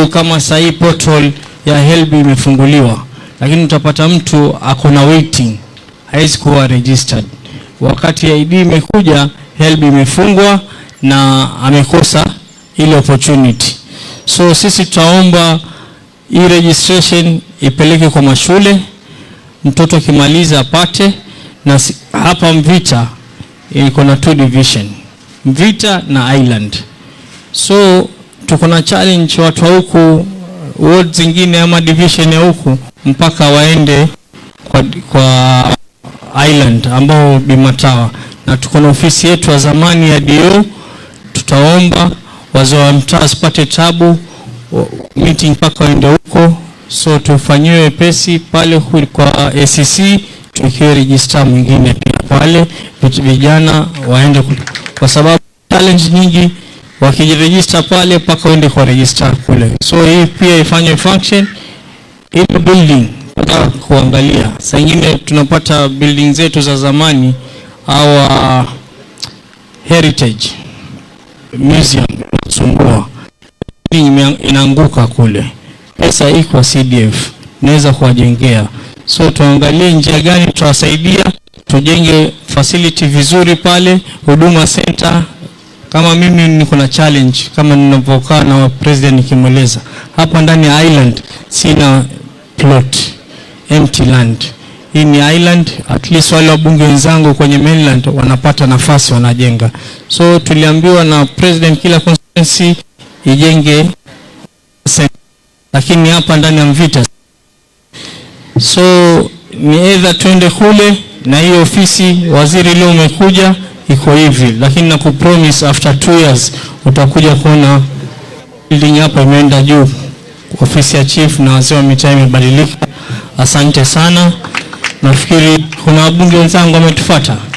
sababu kama sahii portal ya HELB imefunguliwa, lakini utapata mtu ako na waiting, hawezi kuwa registered. Wakati ya ID imekuja, HELB imefungwa na amekosa ile opportunity. So sisi tutaomba hii registration ipeleke kwa mashule, mtoto akimaliza apate. Na hapa Mvita iko na two division, Mvita na Island so tuko na challenge watu wa huku wards zingine ama division ya huku mpaka waende kwa, kwa island ambao bimatawa na tuko na ofisi yetu ya zamani ya DO. Tutaomba wazee wa mtaa sipate tabu meeting mpaka waende huko, so tufanyiwe pesi pale kwa ACC, tukiwe register mwingine pia pale vijana waende, kwa sababu challenge nyingi wakijirejista pale mpaka uende kwa register kule. So hii pia ifanye function ile building pata kuangalia. Saa ingine tunapata building zetu za zamani au heritage museum inasumbua, inaanguka kule, pesa iko CDF naweza kuwajengea. So tuangalie njia gani tutawasaidia, tujenge facility vizuri pale huduma center kama mimi niko na challenge kama ninavyokaa na president nikimweleza, hapa ndani ya island sina plot, empty land. Hii ni island, at least wale wabunge wenzangu kwenye mainland wanapata nafasi, wanajenga. So tuliambiwa na president kila constituency ijenge, lakini hapa ndani ya Mvita so ni either twende kule na hii ofisi waziri, leo umekuja iko hivi, lakini na kupromise after two years utakuja kuona building hapa imeenda juu. Ofisi ya chief na wazee wa mitaa imebadilika. Asante sana, nafikiri kuna wabunge wenzangu wametufuata.